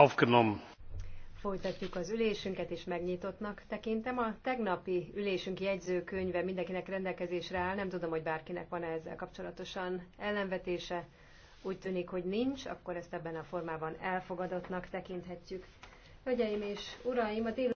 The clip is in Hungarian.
aufgenommen. Folytatjuk az ülésünket, és megnyitottnak tekintem. A tegnapi ülésünk jegyzőkönyve mindenkinek rendelkezésre áll. Nem tudom, hogy bárkinek van-e ezzel kapcsolatosan ellenvetése. Úgy tűnik, hogy nincs, akkor ezt ebben a formában elfogadottnak tekinthetjük. Hölgyeim és uraim, a dél